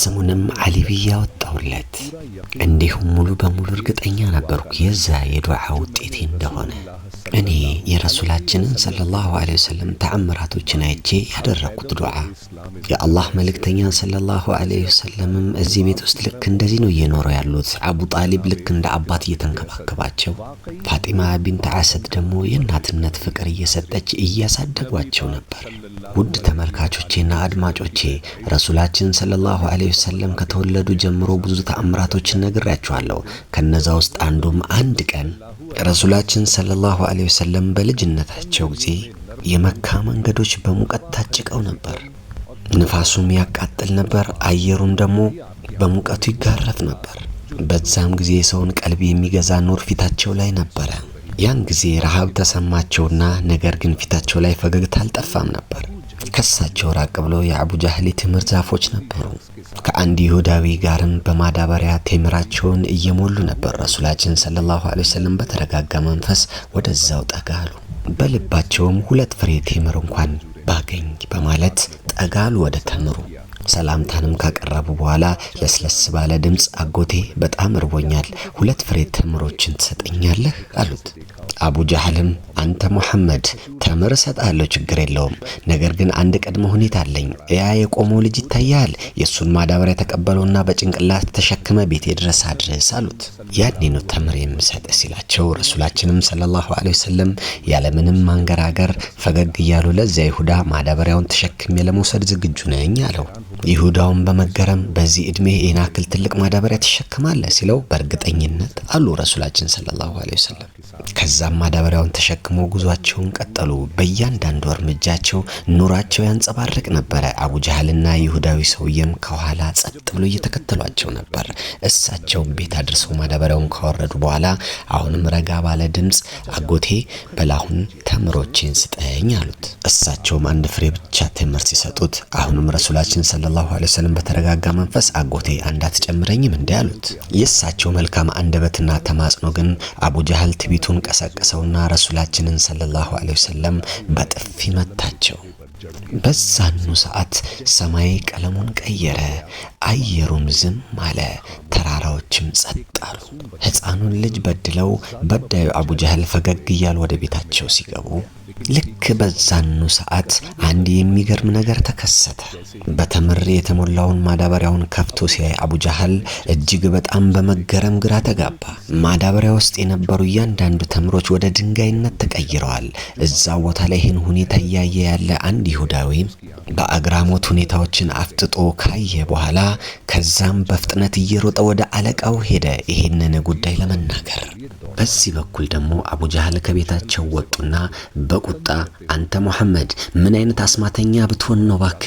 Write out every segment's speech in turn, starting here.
ስሙንም አሊ ብዬ አወጣሁለት። እንዲሁም ሙሉ በሙሉ እርግጠኛ ነበርኩ የዛ የዱዓ ውጤቴ እንደሆነ። እኔ የረሱላችንን ሰለላሁ ዐለይሂ ወሰለም ተአምራቶችን አይቼ ያደረግኩት ዱዓ የአላህ መልእክተኛ ሰለላሁ ዐለይሂ ወሰለምም እዚህ ቤት ውስጥ ልክ እንደዚህ ነው እየኖረ ያሉት። አቡ ጣሊብ ልክ እንደ አባት እየተንከባከባቸው፣ ፋጢማ ቢንት አሰድ ደግሞ የእናትነት ፍቅር እየሰጠች እያሳደጓቸው ነበር። ውድ ተመልካቾቼና አድማጮቼ ረሱላችን ሰለላሁ ዐለይሂ ወሰለም ከተወለዱ ጀምሮ ብዙ ተአምራቶችን ነግሬያችኋለሁ። ከነዛ ውስጥ አንዱም አንድ ቀን ረሱላችን ሰለላሁ ዐለይሂ ወሰለም በልጅነታቸው ጊዜ የመካ መንገዶች በሙቀት ታጭቀው ነበር። ንፋሱም ያቃጥል ነበር፣ አየሩም ደግሞ በሙቀቱ ይጋረፍ ነበር። በዛም ጊዜ የሰውን ቀልብ የሚገዛ ኑር ፊታቸው ላይ ነበረ። ያን ጊዜ ረሃብ ተሰማቸውና ነገር ግን ፊታቸው ላይ ፈገግታ አልጠፋም ነበር። ከሳቸው ራቅ ብሎ የአቡ ጃህሊ ቴምር ዛፎች ነበሩ። ከአንድ ይሁዳዊ ጋርም በማዳበሪያ ቴምራቸውን እየሞሉ ነበር። ረሱላችን ሰለላሁ ዐለይሂ ወሰለም በተረጋጋ መንፈስ ወደዛው ጠጋ አሉ። በልባቸውም ሁለት ፍሬ ቴምር እንኳን ባገኝ በማለት ጠጋ አሉ ወደ ተምሩ። ሰላምታንም ካቀረቡ በኋላ ለስለስ ባለ ድምፅ አጎቴ በጣም እርቦኛል፣ ሁለት ፍሬ ተምሮችን ትሰጠኛለህ አሉት። አቡ ጃህልም አንተ ሙሐመድ ተምር እሰጥሃለሁ፣ ችግር የለውም። ነገር ግን አንድ ቅድመ ሁኔታ አለኝ። ያ የቆመው ልጅ ይታያል። የእሱን ማዳበሪያ ተቀበለውና በጭንቅላት ተሸክመ ቤቴ ድረስ አድርስ አሉት። ያኔ ነው ተምር የምሰጥ ሲላቸው ረሱላችንም ሰለላሁ ዐለይሂ ወሰለም ያለምንም ማንገራገር ፈገግ እያሉ ለዚያ ይሁዳ ማዳበሪያውን ተሸክሜ ለመውሰድ ዝግጁ ነኝ አለው። ይሁዳውን በመገረም በዚህ እድሜ ይህን ያክል ትልቅ ማዳበሪያ ተሸክማለ ሲለው በእርግጠኝነት አሉ ረሱላችን ሰለላሁ ዐለይሂ ወሰለም። ከዛም ማዳበሪያውን ተሸክሞ ደግሞ ጉዟቸውን ቀጠሉ። በእያንዳንዱ እርምጃቸው ኑራቸው ያንጸባርቅ ነበረ። አቡጃህልና ይሁዳዊ ሰውየም ከኋላ ጸጥ ብሎ እየተከተሏቸው ነበር። እሳቸውም ቤት አድርሰው ማዳበሪያውን ካወረዱ በኋላ አሁንም ረጋ ባለ ድምፅ አጎቴ በላሁን ተምሮችን ስጠኝ አሉት። እሳቸውም አንድ ፍሬ ብቻ ተምር ሲሰጡት አሁንም ረሱላችን ሰለላሁ ዐለይሂ ወሰለም በተረጋጋ መንፈስ አጎቴ አንድ አትጨምረኝም እንዲህ አሉት። የእሳቸው መልካም አንደበትና ተማጽኖ ግን አቡጃህል ትቢቱን ቀሰቀሰውና ረሱላችን ነቢያችንን ሰለላሁ ዐለይሂ ወሰለም በጥፊ መታቸው። በዛኑ ሰዓት ሰማይ ቀለሙን ቀየረ፣ አየሩም ዝም አለ፣ ተራራዎችም ጸጥ አሉ። ሕፃኑን ልጅ በድለው በዳዩ አቡ ጀህል ፈገግ እያሉ ወደ ቤታቸው ሲገቡ ልክ በዛኑ ሰዓት አንድ የሚገርም ነገር ተከሰተ። በተምር የተሞላውን ማዳበሪያውን ከፍቶ ሲያይ አቡ እጅግ በጣም በመገረም ግራ ተጋባ። ማዳበሪያ ውስጥ የነበሩ እያንዳንዱ ተምሮች ወደ ድንጋይነት ተቀይረዋል። እዛ ቦታ ላይ ይህን ሁኔታ እያየ ያለ አንድ ይሁዳዊ በአግራሞት ሁኔታዎችን አፍጥጦ ካየ በኋላ ከዛም በፍጥነት እየሮጠ ወደ አለቃው ሄደ ይህንን ጉዳይ ለመናገር በዚህ በኩል ደግሞ አቡ ጃህል ከቤታቸው ወጡና በቁጣ አንተ ሙሐመድ ምን አይነት አስማተኛ ብትሆን ነው ባክ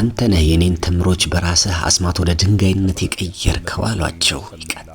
አንተ ነህ የኔን ትምሮች በራስህ አስማት ወደ ድንጋይነት የቀየርከው አሏቸው። ይቀጥል።